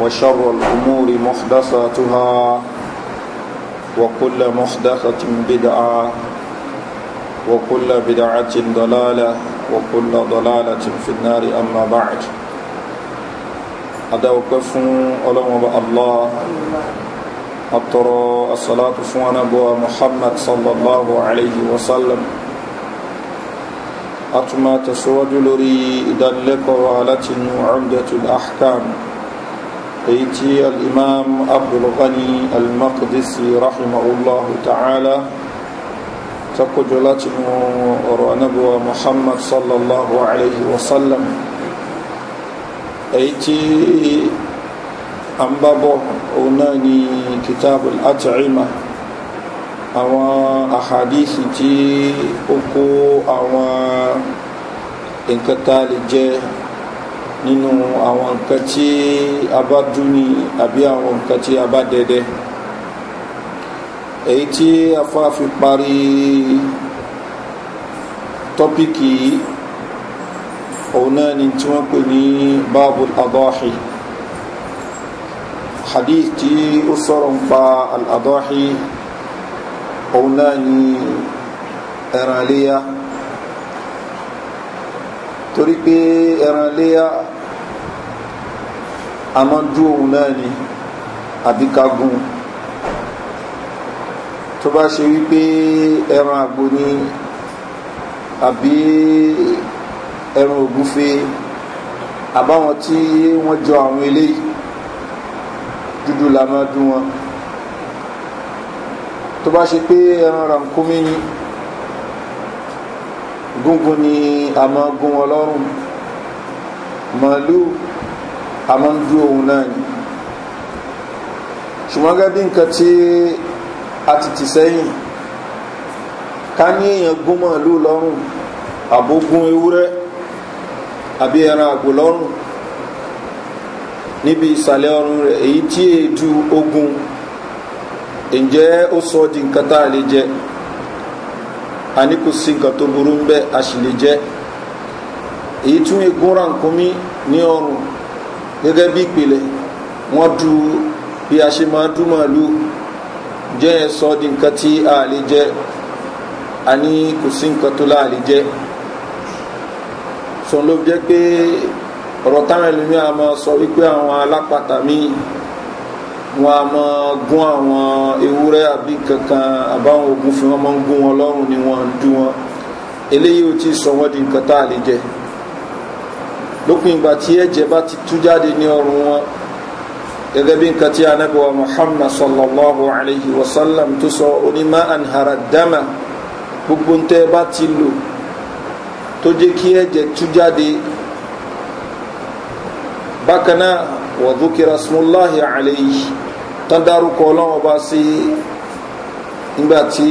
وشر الأمور محدثاتها وكل محدثة بدعة وكل بدعة ضلالة وكل ضلالة في النار أما بعد هذا أدوكف ألم الله أطر الصلاة فوانا بو محمد صلى الله عليه وسلم أتما تسود لري دلك وعلتن عمدة الأحكام èyí tí al'imam abdulghani al-maqdisi rahimahullahu ta'ala takojo láti mú ọ̀rọ̀ anábíwa muhammad sallallahu alayhi wasallam èyí tí an bá bọ̀ òun náà ni kitabul at'ima àwọn àhàdísì tí ó kó àwọn nǹkan jẹ́ nínú àwọn nǹkan tí a bá dúni àbí àwọn nǹkan tí a bá dẹdẹ èyí tí afá fi parí tọ́píkì yìí òun náà ni tí wọ́n pè ní báàbù àdọ́ọ̀hì hadith tí ó sọ̀rọ̀ ń pa àdọ́ọ̀hì òun náà ni ẹ̀rànléyà torí pé ẹ̀rànléyà Amadu dúró òun náà ni àbí ká gún tó bá ṣe wípé ẹran àgbo ni àbí ẹran ògúnfe àbáwọn tí wọ́n jọ àwọn eléyìí dúdú la máa dún wọn tó bá ṣe pé ẹran rànkúmí ni gúngún ni a máa gún wọn lọ́rùn màálùú a máa ń dúró òun náà ni ṣùgbọ́n gẹ́gẹ́ bí nǹkan tí a ti tì sẹ́yìn ká ní èèyàn gún màálù lọ́rùn àbógún ewúrẹ́ àbí ẹran àgbò lọ́rùn níbi ìsàlẹ̀ ọrùn rẹ̀ èyí tí èédú ogun ǹjẹ́ ó sọ di nǹkan tá a lè jẹ a kò sí nǹkan tó burú ń bẹ́ a sì lè jẹ èyí tún egun ránkúnmí ní ọrùn gẹ́gẹ́ bí ìpìlẹ̀ wọ́n du bí a ṣe máa dún màálù jẹ́ yẹn sọ di nǹkan tí a lè jẹ a ní kò sí nǹkan tó láà lè jẹ sọ ló jẹ́ pé ọ̀rọ̀ táwọn ẹlòmíì a máa sọ wípé àwọn alápàtà míì wọn a máa gún àwọn ewúrẹ́ àbí kankan àbáwọn ogun fi wọn máa ń gún wọn lọ́rùn ni wọ́n ń dún wọn eléyìí ò tí sọ wọ́n di nǹkan tá a lè jẹ lópin ìgbà tí ẹ̀jẹ̀ bá ti tú jáde ní ọrùn wọn gẹ́gẹ́ bí nǹkan tí ànábì wa muhammad sallallahu alayhi wa sallam tó sọ onímọ̀ anhara dama gbogbo ntẹ́ bá ti lò tó jẹ́ kí ẹ̀jẹ̀ tú jáde bákan náà wà dúkìrà smullahi alayhi tán dárúkọ ọlọ́wọ́ bá sí nígbà tí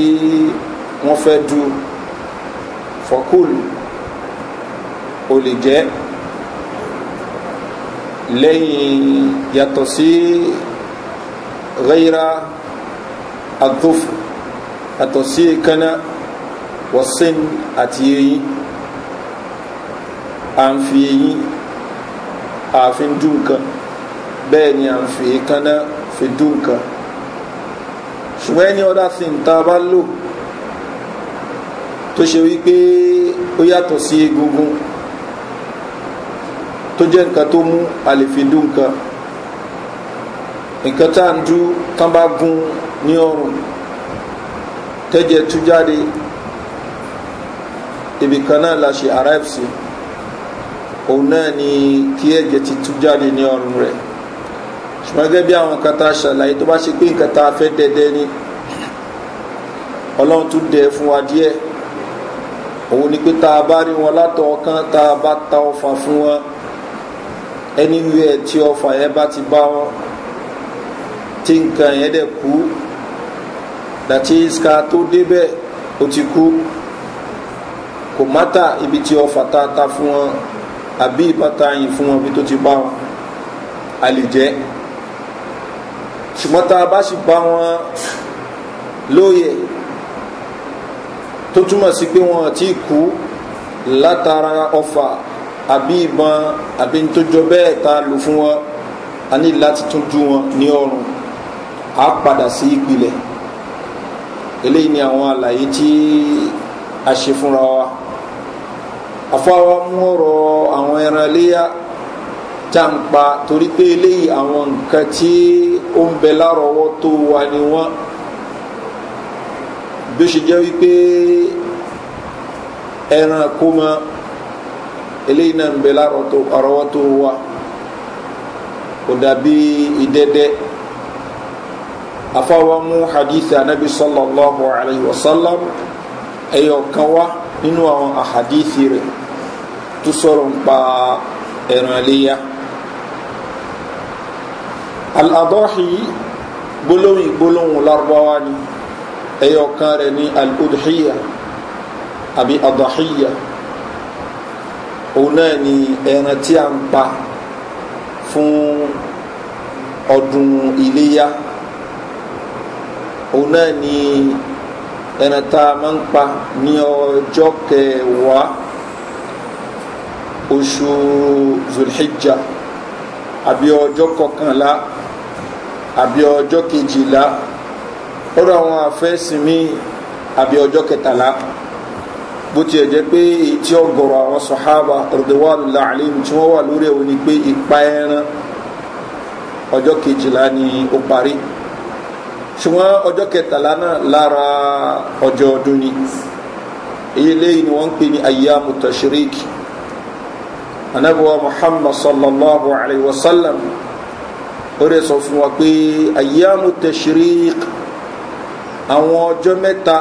wọ́n fẹ́ du fọkúl olè jẹ́ lẹ́yìn yàtọ̀ sí ghayra adhufu yàtọ̀ sí kaná wasin àti eyín à ń fi eyín àfi ń dùn kan bẹ́ẹ̀ ni à ń fi kaná fi dùn ṣùgbọ́n ẹni ọ̀dà sí ń ta bá lò tó ṣe wípé ó yàtọ̀ sí egungun tó jẹ́ nǹkan tó mú àlèfindú nǹkan nǹkan tá à ń dú tán bá gun ní ọrùn tẹ́jẹ̀ tú jáde ibì kan náà la ṣe arrive sí òun náà ni kí ẹ̀jẹ̀ ti tú jáde ní ọrùn rẹ̀ ṣùgbọ́n gẹ́gẹ́ bí àwọn nǹkan tá a ṣàlàyé tó bá ṣe pé nǹkan tá a fẹ́ dẹ́dẹ́ ni ọlọ́run tún dẹ̀ fún wa díẹ̀ òun ni pé tá a bá rí wọn látọ̀ ọkàn tá a bá ta ọfà fún wọn anywhere tí ọfà yẹn bá ti bá ọ tí nǹkan yẹn dẹ̀ kú dàtí iska tó débẹ̀ ó ti kú kò mátà ibi tí ọfà tá a ta fún wọn àbí ìbáta yìí fún wọn bí tó ti bá wọn a ṣùgbọ́n tá a bá sì bá wọn lóye tó túmọ̀ sí pé wọn ti kú látara ọfà àbí ìbọn àbí ní tó jọ bẹ́ẹ̀ tá a lò fún wọn a ní láti tún jú wọn ní ọrùn a padà sí ìpìlẹ̀ eléyìí ni àwọn àlàyé tí a ṣe fúnra wa àfáwa mú ọ̀rọ̀ àwọn ẹran iléyà tá n pa torí pé eléyìí àwọn nǹkan tí ó ń bẹ lárọ̀ọ́wọ́ tó wa ni wọ́n bí ó ṣe jẹ́ wípé ẹran kó máa eléyìí náà ń bẹ lárọwọ́ tó wá kò dàbí ìdẹ́dẹ́ afáwọmú hadithi anabi sallallahu alayhi wa sallam ẹ̀yọ̀ kan wá nínú àwọn ahadithi rẹ̀ tó sọ̀rọ̀ ń pa ẹ̀ràn iléyà gbólóhùn gbólóhùn lárúbáwá ni ẹ̀yọ̀ kan rẹ̀ ní al àbí adọ́hìyà. Al òun náà ni ẹran tí a ń pa fún ọdún iléyá òun náà ni ẹran tá a máa ń pa ní ọjọ́ kẹwàá oṣù zulhijjah àbí ọjọ́ kọkànlá àbí ọjọ́ kejìlá ó rọ àwọn afẹ́sìn mi àbí ọjọ́ kẹtàlá bó tiẹ̀ jẹ́ pé tí ọgọ̀rọ̀ àwọn sọ̀hábà radiyallahu anhum tí wọ́n wà lórí ẹ̀wọ̀n ni pé ìpa ẹran ọjọ́ kejìlá ni ó parí ṣùgbọ́n ọjọ́ kẹtàlá náà lára ọjọ́ ọdún ni eléyìí ni wọ́n ń pè ní ayyamu tashrik anabuwa muhammad sallallahu alayhi wa sallam ó rẹ̀ sọ fún wa pé ayyamu tashrik àwọn ọjọ́ mẹ́ta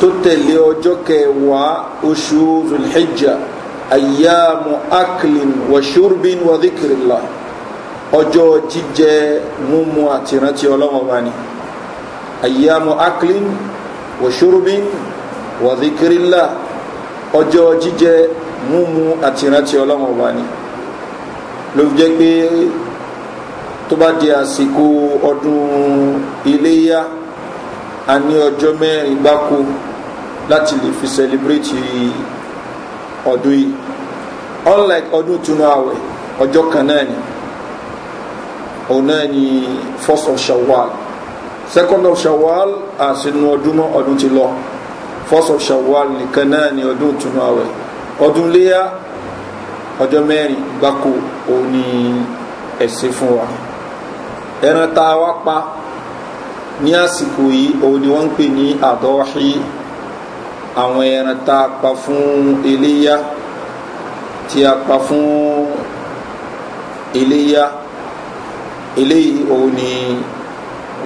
tó tẹ̀lé ọjọ́ kẹwàá oṣù zulhijja ayyamu aklin wa shurbin wa dhikrillah ọjọ́ jíjẹ múmu àti ìrántí ọlọ́wọ́ bá ní ayyamu aklin wa shurbin wa dhikrillah ọjọ́ jíjẹ múmu àti ìrántí ọlọ́wọ́ bá ní ló fi jẹ́ pé tó bá di àsìkò ọdún iléyá a ní ọjọ́ mẹ́rin gbáko láti lè fi celebrate ọdún yìí unlike ọdún tunu àwẹ̀ ọjọ́ kan náà ni òun náà ni first of shawwal second of shawwal àsinu ọdún mọ́ ọdún ti lọ first of shawwal nìkan náà ni ọdún tunu àwẹ̀ ọdún léyà ọjọ́ mẹ́rin gbáko òun ni ẹ̀sìn fún wa ẹran tá a wá pa ní àsìkò yìí òun ni wọ́n ń pè ní àdọ́wáṣí yìí àwọn ẹran tá a pa fún iléyá tí a pa fún iléyá eléyìí òun ni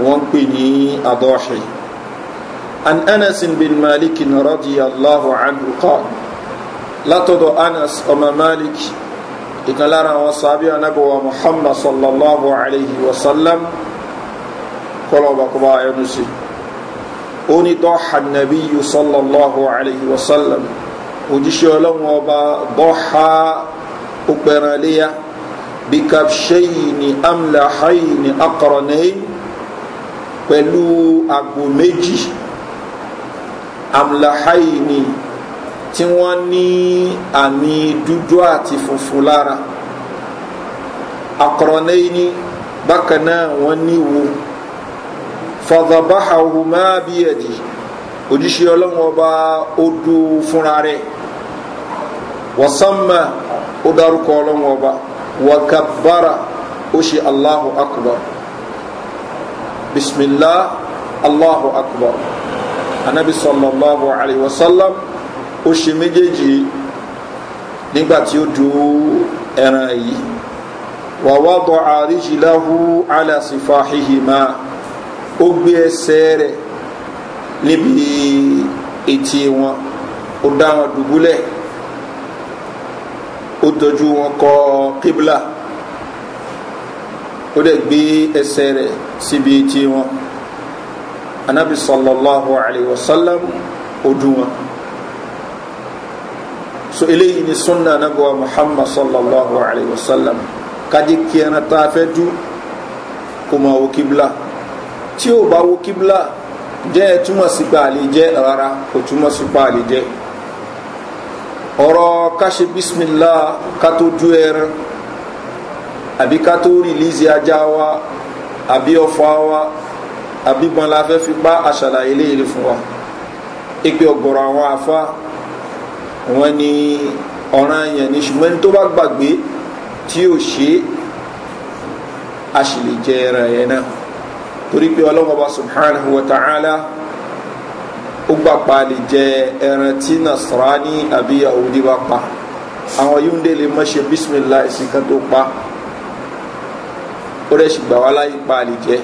wọ́n ń pè ní adọ́ṣe. an anas bin malik radiyallahu anhu qaal látọ̀dọ̀ anas ọmọ malik ìkan lára àwọn sábẹ́ anábọ̀wá muhammad sallallahu alayhi wa sallam kọlọ̀ ọba ẹnu sí onítọ́ha nàbí yìí sallallahu alayhi wa sallam òjíṣẹ́ ọlọ́run ọba dọ́ha ọgbẹ̀rànléyà bí kapṣẹ́yìnì amlàháyìnì akọ̀rọ̀nẹ́yìn pẹ̀lú àgbò méjì amlàháyìnì tí wọ́n ní àmì dúdú àti funfun fadhabahahuma biyadi òjíṣẹ́ ọlọ́run ọba odò fúnra rẹ̀ wasamma ó dárúkọ ọlọ́run ọba wakabbara ó ṣe allahu akbar bismillah allahu akbar anabi sallallahu alayhi wa sallam ó ṣe méjèèjì nígbà tí ó du ẹran yìí wa wada'a rijlahu ala ó gbé ẹsẹ̀ rẹ̀ níbi etí wọn ó dá wọn dùbúlẹ̀ ó dojú wọn kọ kíbla ó dẹ̀ gbé ẹsẹ̀ rẹ̀ síbi etí wọn anabi sallallahu alayhi wa sallam ó dùn wọn so eléyìí ni sunna anabiwa muhammad sallallahu alayhi wa sallam kájí kí ẹran tá a fẹ́ dú kó máa wo kíbla tí ò bá wo kíbla jẹ́ ẹ túmọ̀ sí pa àlè jẹ́ rárá kò túmọ̀ sí pa àlè jẹ́ ọ̀rọ̀ káṣe bísmìlá ká tó dú ẹran àbí ká tó rìlíìsì ajá wa àbí ọfà wa àbí gbọ́n fẹ́ fi pa àṣàlàyé léèrè fún wa ìpè ọ̀gọ̀rọ̀ àwọn afá wọn ni ọ̀ràn yẹn ni ṣùgbọ́n ní tó bá gbàgbé tí ò ṣe é a sì lè jẹ ẹran yẹn náà torí pé ọlọ́wọ́ bá subhanahu wa ta'ala ó gbà pa lè jẹ ẹran tí nasarani àbí yahudi bá pa àwọn yúndé lè mọ́ ṣe bisimilahi sí kan tó pa ó rẹ̀ sì gbà wá láyé pa lè jẹ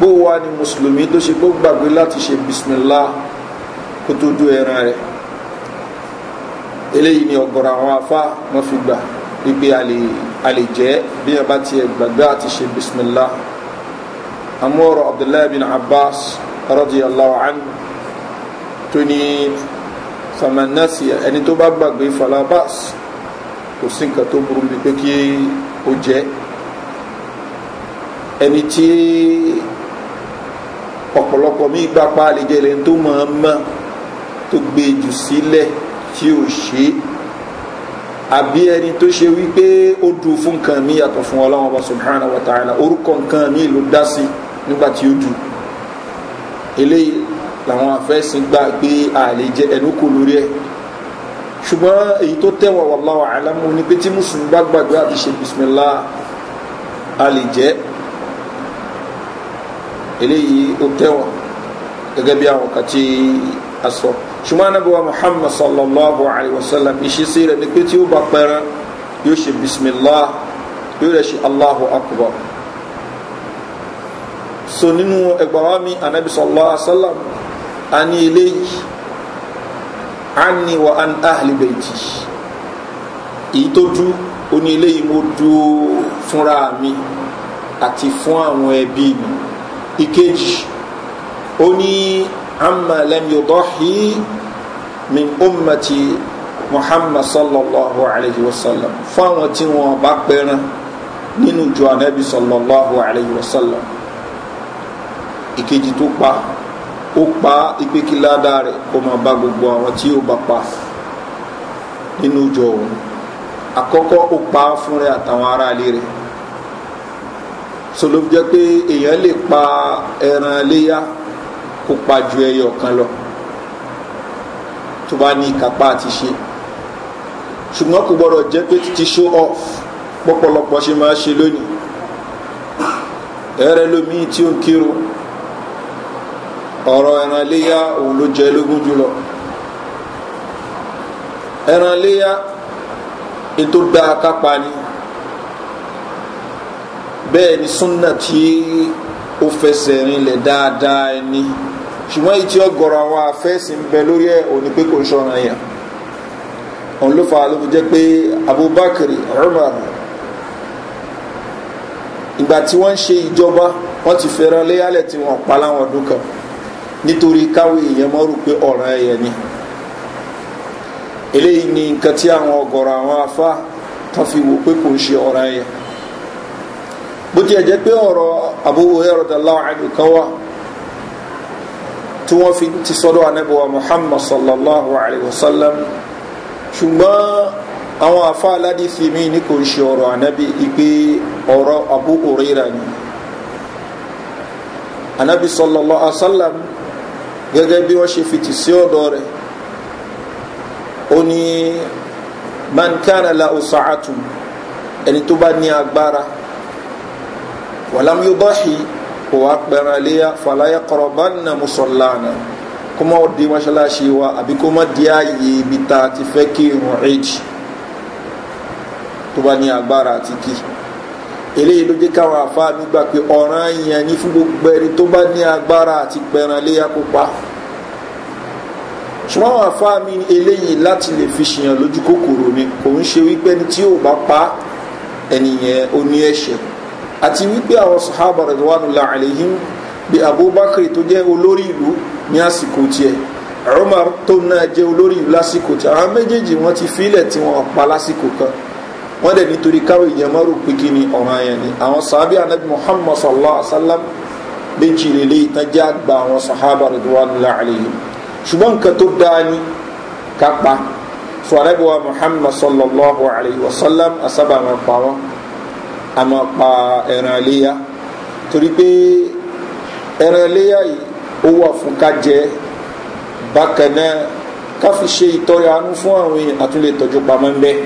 bó wá ni mùsùlùmí tó ṣe kó gbàgbé láti ṣe bisimilahi kó tó dú ẹran rẹ̀ eléyìí ni ọ̀gọ̀rọ̀ àwọn afá wọn fi gbà wípé a lè jẹ́ bí ẹ bá tiẹ̀ gbàgbé àti ṣe bisimilahi. أمور عبد الله بن عباس رضي الله عنه تني فمن نسي bá gbàgbé falabas kò sí nǹkan tó burú bí pé kí ó jẹ ẹni tí ọ̀pọ̀lọpọ̀ mi gbà pa àlejò ẹlẹ́ni tó mọ̀ ọ́n mọ̀ tó gbé jù sílẹ̀ tí ò ṣe àbí ẹni tó ṣe wípé ó dùn fún nǹkan mi yàtọ̀ fún ọlọ́wọ́n bá subhanahu wa ta'ala orúkọ nǹkan mi ló dá sí i nígbà tí ó dù eléyìí làwọn afẹ́sìn gbà pé àlè jẹ ẹnu kò lórí ẹ̀ ṣùgbọ́n èyí tó tẹ̀wọ̀ wallahu alamu ni pé tí mùsùlùmí bá gbàgbé àti ṣe bisimilá àlè jẹ́ eléyìí ó tẹ̀wọ̀ gẹ́gẹ́ bí àwọn kan tí a sọ ṣùgbọ́n anábíwá muhammad sallallahu alayhi wa sallam ìṣesí rẹ̀ ni pé tí ó bá pẹran yóò ṣe bisimilá yóò rẹ̀ ṣe allahu akbar so nínú ẹgbàá mi anabi sallallahu alaihi wa sallam a ní eléyìí anni wa an ahli bayti èyí tó dú ó ní eléyìí mo dúó fúnra mi àti fún àwọn ẹbí mi ìkejì ó ní amma lam yudahi min ummati muhammad sallallahu alayhi wa sallam fún àwọn tí wọn bá pẹran nínú ju anabi sallallahu alayhi wa sallam ìkejì tó pa ó pa ìpékiládá rẹ̀ kó máa bá gbogbo àwọn tí ó bá pa nínú ìjọ òun àkọ́kọ́ ó pa fún rẹ̀ àtàwọn ará ilé rẹ̀ sọlọ́ jẹ́ pé èèyàn lè pa ẹran léyà kó pa ju ẹyọ kan lọ tó bá ní ìkápá àti ṣe ṣùgbọ́n kò gbọ́dọ̀ jẹ́ pé ti show off pọ́pọ́lọpọ́ ṣe máa ṣe lónìí ẹ̀rẹ́ lómi tí ó ń kírun ọ̀rọ̀ ẹran léyà òun ló jẹ lógún jùlọ ẹran léyà ètò gba akápa ni bẹ́ẹ̀ ni súnà tí ó fẹsẹ̀ rinlẹ̀ dáadáa ẹni ṣùgbọ́n èyí tí ọgọ̀rọ̀ àwọn afẹ́sìn ń bẹ lórí ẹ̀ òní pé kò ń ṣọ̀ràn yẹn òun ló fa ló fi jẹ́ pé abubakar umar ìgbà tí wọ́n ń ṣe ìjọba wọ́n ti fẹ́ràn léyàlẹ̀ tí wọ́n pa láwọn ọdún kan nítorí káwọn èèyàn mọ́ rò pé ọ̀ràn ẹ̀yẹ ni eléyìí ni nǹkan tí àwọn ọ̀gọ̀rọ̀ àwọn afá tán fi wò pé kò ń ṣe ọ̀ràn ẹ̀yẹ bó tiẹ̀ jẹ́ pé ọ̀rọ̀ àbúrò ẹ̀rọ dàláwà ẹ̀dù kan wà tí wọ́n fi ti sọ́dọ̀ anábọ̀wá muhammad sallallahu alayhi wa sallam ṣùgbọ́n àwọn afá aládìsí mi ní kò ń ṣe ọ̀rọ̀ anábì ìpè ọ̀rọ̀ àbúrò rírà ni anábì sallallahu alayhi wa sallam gẹ́gẹ́ bí wọ́n ṣe fìtì sí ọ̀dọ̀ rẹ̀ ó ní mankana la ọ̀sàátù ẹni tó bá ní agbára wàlámúyọ́bọ̀hì kò wá pẹ̀rẹ̀ léyà fàlàyé kọ̀rọ̀bá nà mùsọ̀lánà kó má di mọ́ṣáláṣí wa àbí kó má di ààyè ibi tá a ti fẹ́ kí irun ẹ̀jì tó bá ní agbára àti kí eléyìí ló jẹ́ káwọn àfáà mi gbà pé ọ̀ràn yẹn ní fún gbogbo ẹni tó bá ní agbára àti pẹran léyà kó ṣùgbọ́n àwọn àfáà eléyìí láti lè fi ṣèyàn lójú kòkòrò ni kò ń ṣe wípé ẹni tí ò bá pa ẹnìyẹn ó ní ẹ̀ṣẹ̀ àti wípé àwọn sahaba radwanullahi alaihim bí abubakar tó jẹ́ olórí ìlú ní àsìkò tiẹ̀ umar tó náà jẹ́ olórí ìlú lásìkò tiẹ̀ àwọn méjèèjì wọ́n ti fílẹ̀ tí wọ́n pa lásìkò kan wọ́n dẹ̀ nítorí káwé ìyẹ̀mọ́ rò pé kí ni ọ̀ràn yẹn ni àwọn sàábì anabi muhammad sallallahu alaihi wa sallam méjì lélẹ́ ìtajà gba àwọn sàhábà rẹ̀dùwánilá àlẹ́yìn ṣùgbọ́n nǹkan tó dáa ni kápá fún anabi wa muhammad sallallahu alaihi wa sallam asábà máa pa wọn a máa ẹran iléyà torí pé ẹran iléyà yìí ó wà fún ká bákan náà ká ṣe ìtọ́ra àánú fún àwọn àtúnlẹ̀ tọ́jú pamọ́ ń bẹ́ẹ̀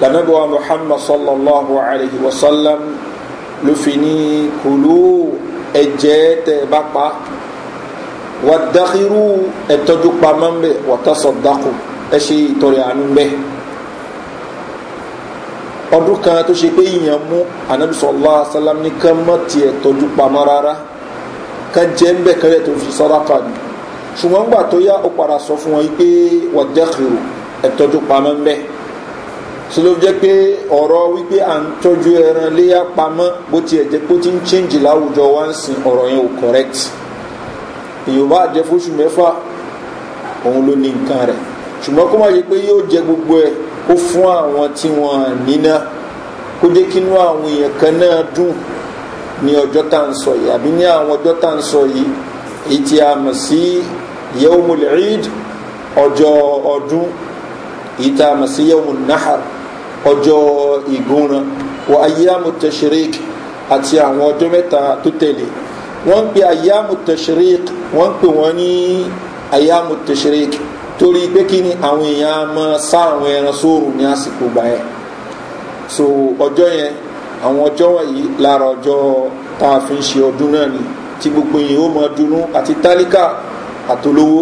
lànàbí wa muhammad sallallahu alayhi wa sallam ló fi ní kòló ẹ̀jẹ̀ tẹ̀ bá pa wà dákírú ẹ̀tọ́jú pamọ́ ń bẹ̀ wà tásọ̀ dákù ẹ̀ ṣe ìtọ̀rẹ̀ àánú bẹ́ẹ̀ ọdún kan tó ṣe pé ìyàn mú anabi sọlá sálám ní ká mọ tiẹ̀ tọ́jú pamọ́ rárá ká jẹ́ ń bẹ̀ kẹ́lẹ́ tó fi sọ́ra kan ṣùgbọ́n gbà tó yá ó padà sọ fún wọn pé wà dákírú ẹ̀tọ́jú pamọ́ ń bẹ́ẹ̀ so ló jẹ́ pé ọ̀rọ̀ wípé à ń tọ́jú ẹran léyà pamọ́ bó tiẹ̀ jẹ́ pé ó ti ń change láwùjọ wá ń sin ọ̀rọ̀ yẹn ò correct ìyóbá jẹ fóṣù mẹ́fà òun ló ní nǹkan rẹ̀ ṣùgbọ́n kó má yẹ pé yóò jẹ gbogbo ẹ̀ ó fún àwọn tí wọ́n níná kó jẹ́ kínú àwọn èèyàn kan náà dùn ní ọjọ́ tá à ń sọ yìí àbí ní àwọn ọjọ́ tá à ń sọ yìí èyí tí a sí yẹ́wò mọ̀lẹ́rìd ọjọ́ ọdún èyí tá a sí yẹ́wò náhàrà ọjọ́ ìgúnran wọ ayéhàmù tẹ̀sírík àti àwọn ọjọ́ mẹ́ta tó tẹ̀lé wọ́n ń pe ayéhàmù tẹ̀sírík wọ́n ń wọ́n ní ayéhàmù tẹ̀sírík torí pé kí ni àwọn èèyàn máa sá àwọn ẹran sóòrùn ní àsìkò gbà so ọjọ́ yẹn àwọn ọjọ́ wọ̀nyí lára ọjọ́ tá a fi ń ṣe ọdún náà ni tí gbogbo yìí ó mọ dunú àti tálíkà àtolówó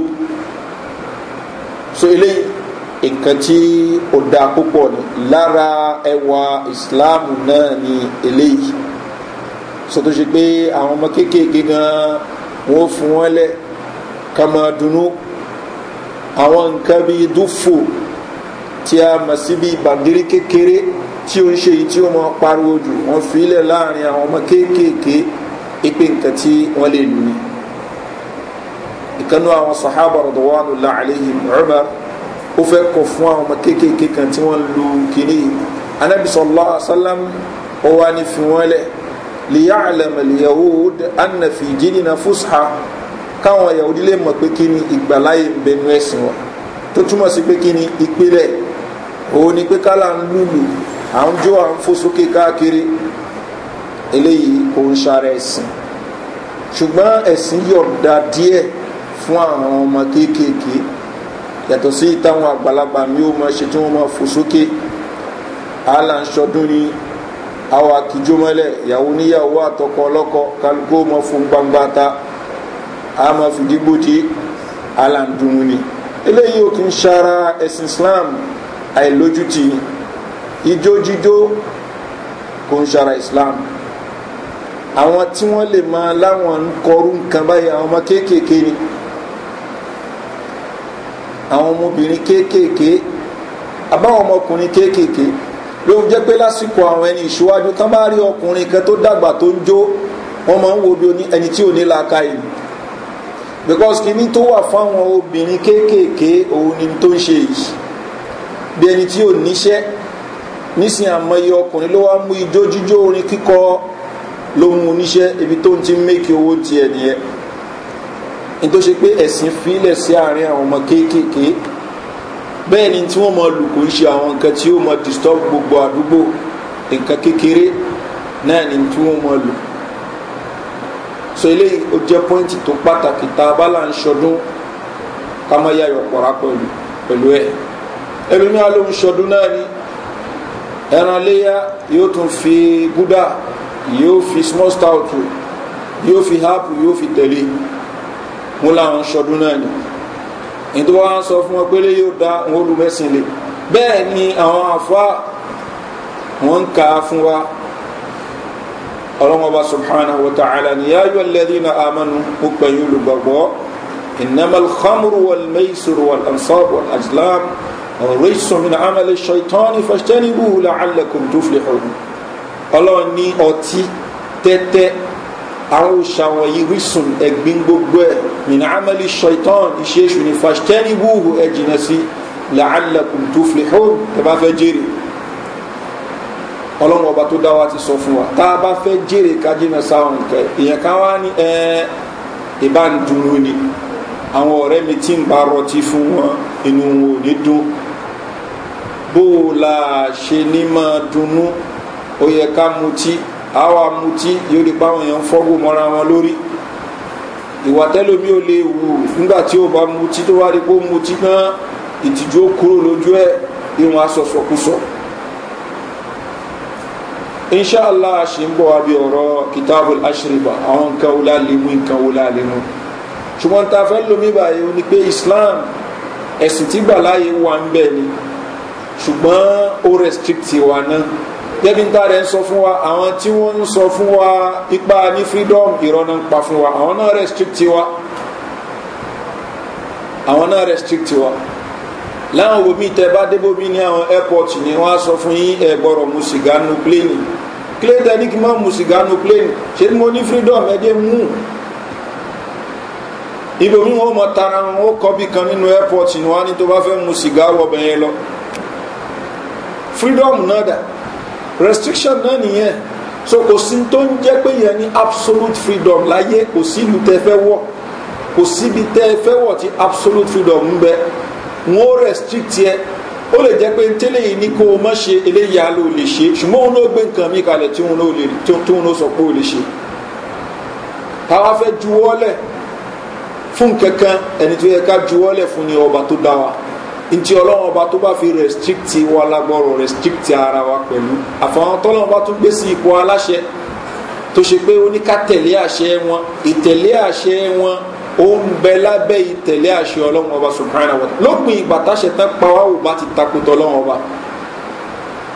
so eléyìí nǹkan tí ó da púpọ̀ ni lára ẹwà ìsìláàmù náà ni eléyìí so tó ṣe pé àwọn ọmọ kéékèèké gan wọn fún wọn lẹ ká máa dunnú àwọn nǹkan bíi dúfò tí a mọ̀ sí bíi bàndírí kékeré tí ó ń ṣe yìí tí ó máa pariwo jù wọn fi láàrin àwọn ọmọ kéékèèké ipe nǹkan tí wọ́n lè lù ní ìkànnú àwọn sahaba rọ̀dọ̀wọ́nù láàlẹ́yìn umar ó fẹ́ kọ̀ fún àwọn ọmọ kéékèèké kan tí wọ́n lu kínní yìí anabi sallallahu alaihi wasallam ó wá ní fi wọ́n lẹ̀ liya'lama al-yahud anna fi dinina fusha káwọn yahudi lè mọ̀ pé kínní ìgbàláyè ń bẹnu ẹ̀sìn wọn tó túmọ̀ sí pé kínní ìpìlẹ̀ òun ni pé kálá ń lùlù à ń jó à ń fò sókè káàkiri eléyìí kò ń ṣara ẹ̀sìn ṣùgbọ́n ẹ̀sìn yọ̀ọ̀da díẹ̀ fún àwọn ọmọ kéékèèké yàtọ̀ sí táwọn àgbàlagbà mi ò máa ṣe tí wọ́n máa fò sókè àlà ń ṣọdún ni àwọn àkìjó mọ́lẹ̀ ìyàwó níyàwó àtọkọ ọlọ́kọ kálukó máa fún gbangba ta a máa fìdí gbòdì àlà ń dùn ni eléyìí ò kì ń ṣara ẹ̀sìn islam àìlójútì ijó jíjó kò ń ṣara islam àwọn tí wọ́n lè máa láwọn ń kọrú nǹkan báyìí àwọn ọmọ kéékèèké ni àwọn ọmọbìnrin kéékèèké àbáwọn ọmọkùnrin kéékèèké ló ń jẹ́ pé lásìkò àwọn ẹni ìṣíwájú tán bá rí ọkùnrin kan tó dàgbà tó ń jó wọ́n máa ń wo bí ẹni tí ò ní laaka ìlú because kìíní tó wà fáwọn obìnrin kéékèèké òun ni tó ń ṣe yìí bí ẹni tí ò níṣẹ́ nísìnyí àmọye ọkùnrin ló wá mú ijó jíjó orin kíkọ lóhun oníṣẹ́ ibi tó ń ti ń mékì owó tiẹ̀ nìyẹn ní tó ṣe pé ẹ̀sìn fílẹ̀ sí àárín àwọn ọmọ kéékèèké bẹ́ẹ̀ ni tí wọ́n mọ lù kò ń ṣe àwọn nǹkan tí ó mọ disturb gbogbo àdúgbò nǹkan kékeré náà ni tí wọ́n mọ lù so eléyìí ó jẹ́ pọ́ìntì tó pàtàkì tá a bá là ń ṣọdún ká má yá ìwọ̀pọ̀ra pẹ̀lú pẹ̀lú ẹ̀ ẹlòmíà ló ń ṣọdún náà ni ẹran léyà yóò tún fi gúdà yóò fi small stout yóò fi hápù yóò fi tẹ̀lé wọn làwọn sọdún náà ni nítorí wọn sọ fún wọn pé lè yóò dá wọn olùmẹsìn lè bẹ́ẹ̀ ni àwọn afa wọn ń kà á fún wa ọlọ́mọba subhanahu wa ta'ala ni yáa yọ lẹ́dínà amánu mo pẹ̀yìn olùgbàgbọ́ ìnámal khamru wal meisuru wal ansab wal ajlam rísù min amali shaitani fashtanibu la'allakum tuflihun ọlọ́run ní ọtí tẹ́tẹ́ àwọn òòṣà wọ̀nyí rísùn ẹ̀gbin gbogbo ẹ̀ nínú amẹ́lí ṣọ̀tàn iṣẹ́ èṣù ní fàṣtẹ́ni wúhù ẹ̀ jìnà sí làálàkùn tó fi hàn tẹ bá fẹ́ jèrè ọlọ́run ọba tó dá wa ti sọ fún wa tá a bá fẹ́ jèrè ká jìnà sáwọn nǹkan èèyàn kan wá ní ẹ ìbá ń dúró ni àwọn ọ̀rẹ́ mi tí ń bá rọtí fún wọn inú wọn ò ní dún bó o la ṣe ní máa dunnú ó yẹ ká mutí àwọn amutí yóò di pa àwọn èèyàn fọ́gbó mọ́ra wọn lórí ìwà tẹ́lómi ò lè wù nígbà tí ó bá mutí tó wá di pé ó mutí náà ìtìjú ó kúrò lójú ẹ̀ irun asọ̀sọ̀kúsọ inṣàlá ṣe ń bọ̀ wá bí ọ̀rọ̀ kìtàbù aṣèrìbà àwọn nǹkan wo láàlímú nǹkan wo láàlímú ṣùgbọ́n ta fẹ́ lómi báyìí ó ní pé islam ẹ̀sìn tí gbà láàyè wà ń bẹ̀ ni ṣùgbọ́n ó restrict wa náà gẹ́bí ń tààrẹ ń sọ fún wa àwọn tí wọ́n ń sọ fún wa ipa ní freedom ìrọ̀nà ń pa fún wa àwọn náà restrict wa àwọn náà restrict wa láwọn òbí tẹ bá débò bí ní àwọn airport ni wọ́n á sọ fún yín ẹ gbọ́rọ̀ mu sìgá nu plane kílẹ̀ ní kí n má mu nu plane ṣé mo ní freedom ẹ dé mú ibòmí wọn mọ tara wọn ó kọ́ bí kan nínú airport ni wọ́n á ní tó bá fẹ́ mu sìgá wọ̀bẹ̀ lọ freedom náà dà restriction náà nìyẹn so kò sí tó ń jẹ́ pé yẹn ní absolute freedom láyé kò sí ìlú tẹ́ fẹ́ wọ̀ kò síbi tẹ́ fẹ́ wọ̀ tí absolute freedom ń bẹ wọn ó restrict yẹ ó lè jẹ́ pé tẹ́lẹ̀ yìí ní kó o má ṣe eléyà ló lè ṣe ṣùgbọ́n òun ló gbé nǹkan mi kalẹ̀ tí òun ló sọ pé ó lè ṣe táwa fẹ́ juwọ́lẹ̀ fún kankan ẹni tó yẹ ká juwọ́lẹ̀ fún ni ọba tó dá wa ntí ọlọ́wọ́n ba tó bá fi rẹ̀stíktì wa lágbọ́rọ̀ rẹ̀stíktì ara wa pẹ̀lú àfọwọ́n tọ́lọ́wọ́n bá tún gbé sí ipò aláṣẹ tó ṣe pé oníká tẹ̀lé àṣẹ wọn ìtẹ̀lé àṣẹ wọn ó ń bẹ lábẹ́ ìtẹ̀lé àṣẹ ọlọ́wọ́n ọba subhana wa lópin ìgbà táṣẹ tán pa wá wò ti takotọ ọlọ́wọ́n ọba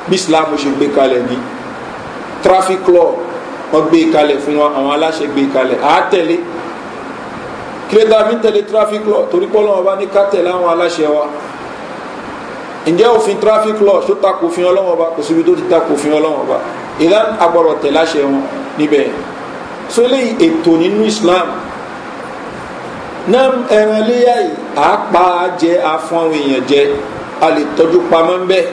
bí islam ṣe gbé kalẹ̀ ní traffic law wọn gbé kalẹ̀ fún wa àwọn aláṣẹ gbé kalẹ̀ àá tẹ̀lé kílódé àfi ń tẹ̀lé traffic law torí pé ọlọ́wọ́n ọba ní ká tẹ̀lé àwọn aláṣẹ wa ǹjẹ́ òfin traffic law tó takò òfin ọlọ́wọ́n ba kò síbi tó ti takò òfin ọlọ́wọ́n ba ìdán agbọ̀rọ̀ tẹ̀ láṣẹ wọn níbẹ̀ so eléyìí ètò nínú Islam náà ẹran iléyà yìí àápa jẹ afún àwọn èèyàn jẹ a lè tọ́jú pamọ́ ń bẹ́ẹ̀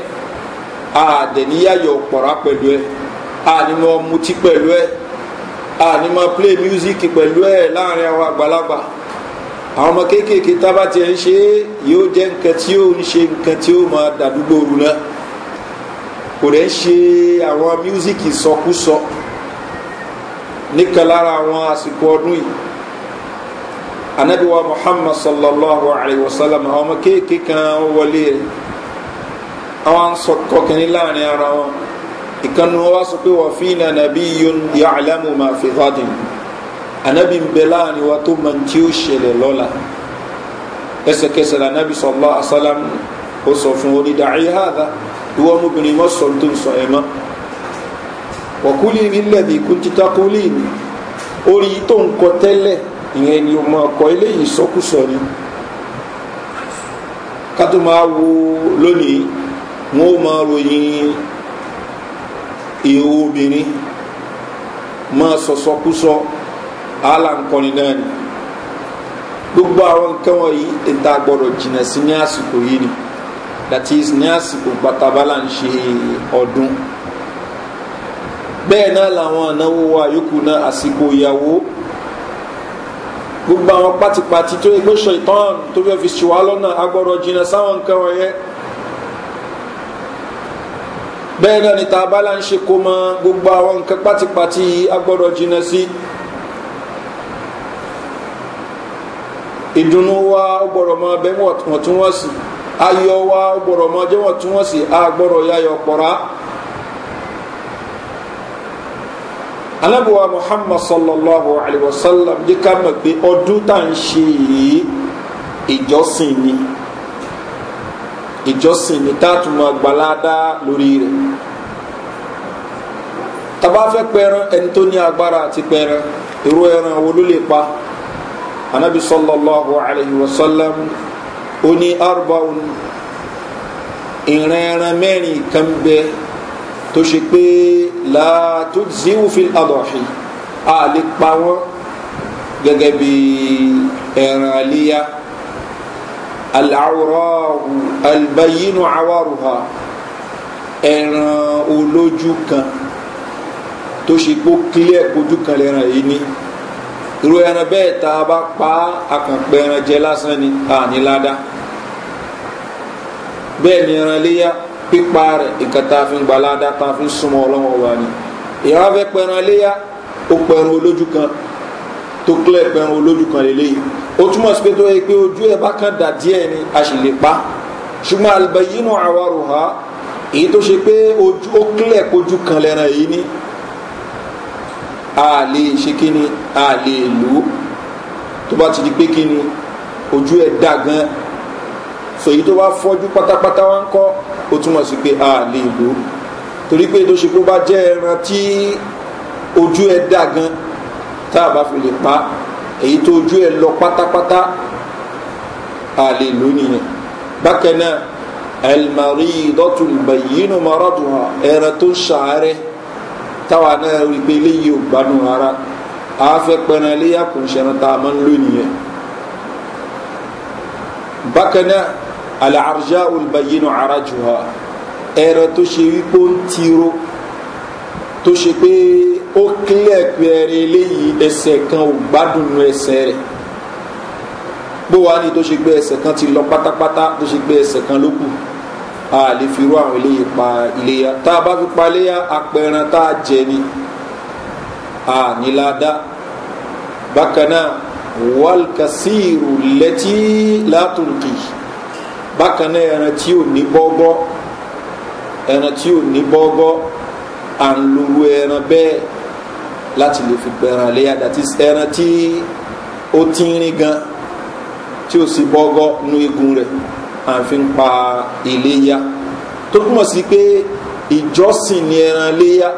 àdẹ̀níyàyọ̀ pọ̀ra pẹ̀lú ẹ̀ ànímọ̀ mutí pẹ̀lú ẹ̀ ànímọ̀ play music pẹ̀lú ẹ̀ láàrin àwọn àgbàlagbà àwọn ọmọ kéékèèké tábà tiẹ̀ ń ṣe é yóò jẹ́ nǹkan tí ó ń ṣe nǹkan tí ó máa dàdúgbò òru náà kò rẹ̀ ń ṣe àwọn mísíkì sọkúsọ nìkan lára àwọn àsìkò ọdún yìí anabiwa muhammad sallallahu alayhi wa sallam àwọn ọmọ kéékèèké kan wọlé rẹ̀ àwọn sọkọkìnrin láàrin ara wọn ìkànnì wọn wá sọ pé wọ́n fi ń nàbí yón yàlámù máa fi fàdùn yìí anabi ń bẹ láàrin wa tó mọ tí ó ṣẹlẹ̀ lọ́la ẹsẹ̀kẹsẹ̀ anabi sọlá asálám ó sọ fún onídàáyé hàdá ìwọ ọmọbìnrin mọ́ sọ tó ń sọ ẹ̀ mọ́ wọ̀kúlì nílẹ̀ ní ikú títa kúlì ní orí tó ń kọ ni o máa kọ eléyìí sọkúsọ ni ká tó máa wo lónìí wọn ó máa ròyìn ìhòòhò obìnrin máa sọ̀sọ̀kúsọ. So, so, ala nkọni náà ni gbogbo àwọn nǹkan wọ̀nyí ìta gbọ́dọ̀ jìnnà sí ní àsìkò yìí ni that is ní àsìkò gbatabala ń ṣe ọdún bẹ́ẹ̀ náà làwọn ànáwó wa yòókù náà àsìkò ìyàwó gbogbo àwọn pátipàti tó yẹ pé ṣètọ́n tó fẹ́ fi ṣùwà lọ́nà agbọ́dọ̀ jìnnà sáwọn nǹkan wọ̀nyẹn bẹ́ẹ̀ náà ni tàbá là ń ṣe kó mọ gbogbo àwọn nǹkan pátipàti agbọ́dọ̀ jìnnà Si ìdùnnú wa gbọ́dọ̀ mọ bẹ́ wọ̀túnwọ̀sì ayọ̀ wa gbọ́dọ̀ jẹ́ wọ̀túnwọ̀sì a gbọ́dọ̀ yayọ̀ pọ̀ra. anabuwa muhammad sallallahu alayhi wa sallam jẹ́ ká mọ̀ pé ọdún tá à ń ṣe yìí ìjọsìn ni ìjọsìn ní tààtùmọ̀ àgbàládá lórí rẹ̀ tá a bá fẹ́ pẹran ẹni tó pa. anabi sallallahu alayhi wa sallam ó ní arbaun ìran ẹran mẹ́rin kan bẹ tó ṣe pé láàtú ziwufil adọ̀ṣì a lè pa wọ́n gẹ́gẹ́ bí ẹran àlíyá alàwòrán albayinu awaruha ẹran olójú kan tó ṣe pé ó kílẹ̀ ojú kan lẹ́ran yìí ní irú ẹran bẹ́ẹ̀ tá a bá pa akànpẹ́ ẹran jẹ lásán ni àníláda bẹ́ẹ̀ ni ẹran léyà pípa rẹ̀ nǹkan tá a fi ń gba ládá tá a fi ń súnmọ́ ọlọ́wọ́ wa ni ìyá fẹ́ pẹran léyà ó pẹran olójú kan tó kílẹ̀ pẹran olójú kan lélẹ́yìí ó túmọ̀ sí pé tó yẹ pé ojú ẹ̀ bá kàn dà díẹ̀ ni a sì lè pa ṣùgbọ́n àlùbáyínú àwa rò ha èyí tó ṣe pé ojú ó kílẹ̀ kojú kan lẹ́ran èyí ni a lè ṣe kíni a lè lò ó tó bá ti di pé kíni ojú ẹ̀ dà gan so èyí tó bá fọ́jú pátápátá wá ń kọ́ ó túmọ̀ sí pé a lè lò ó torí pé tó ṣe pé bá jẹ́ ẹran tí ojú ẹ̀ dà gan tá a bá fi lè pa èyí tó ojú ẹ̀ lọ pátápátá a lè lò ó nìyẹn bákan náà ẹlmarí dọ́tùlùbẹ̀yìn mọ́rọ́dùn ẹran tó ń ṣàárẹ̀ táwa náà rí i pé eléyìí ò gbádùn rárá a fẹ́ pẹran iléyà kò ń ṣẹran tá a máa ń lò nìyẹn bákan náà alàrjá olùbàyínú ara jù ha ẹ̀rọ tó ṣe wípé ó ń tiro tó ṣe pé ó kílẹ̀ pé eléyìí ẹsẹ̀ kan ò gbádùn nu ẹsẹ̀ rẹ̀ bó wàá ní tó ṣe pé ẹsẹ̀ kan ti lọ pátápátá tó ṣe pé ẹsẹ̀ kan ló kù a lè fi irú àwọn eléyìí pa iléyà tá a bá fi pa iléyà apẹran tá a jẹ ni a ní ládàá bákan náà wàlkàsíìrù lẹ́tí látòkì bákan náà ẹran tí ò ní bọ́gọ́ ẹran tí ò ní bọ́gọ́ à ń lòwú ẹran bẹ́ẹ̀ láti lè fi gbẹran léyà dàtí ẹran tí ó tínrín gan tí ó sì bọ́gọ́ nú igun rẹ̀ àfi ń pa iléyà tó túmọ̀ sí pé ìjọsìn ni ẹran léyà